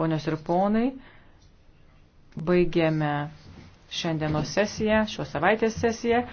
Ponios ir ponai, baigėme šiandienos sesiją, šios savaitės sesiją.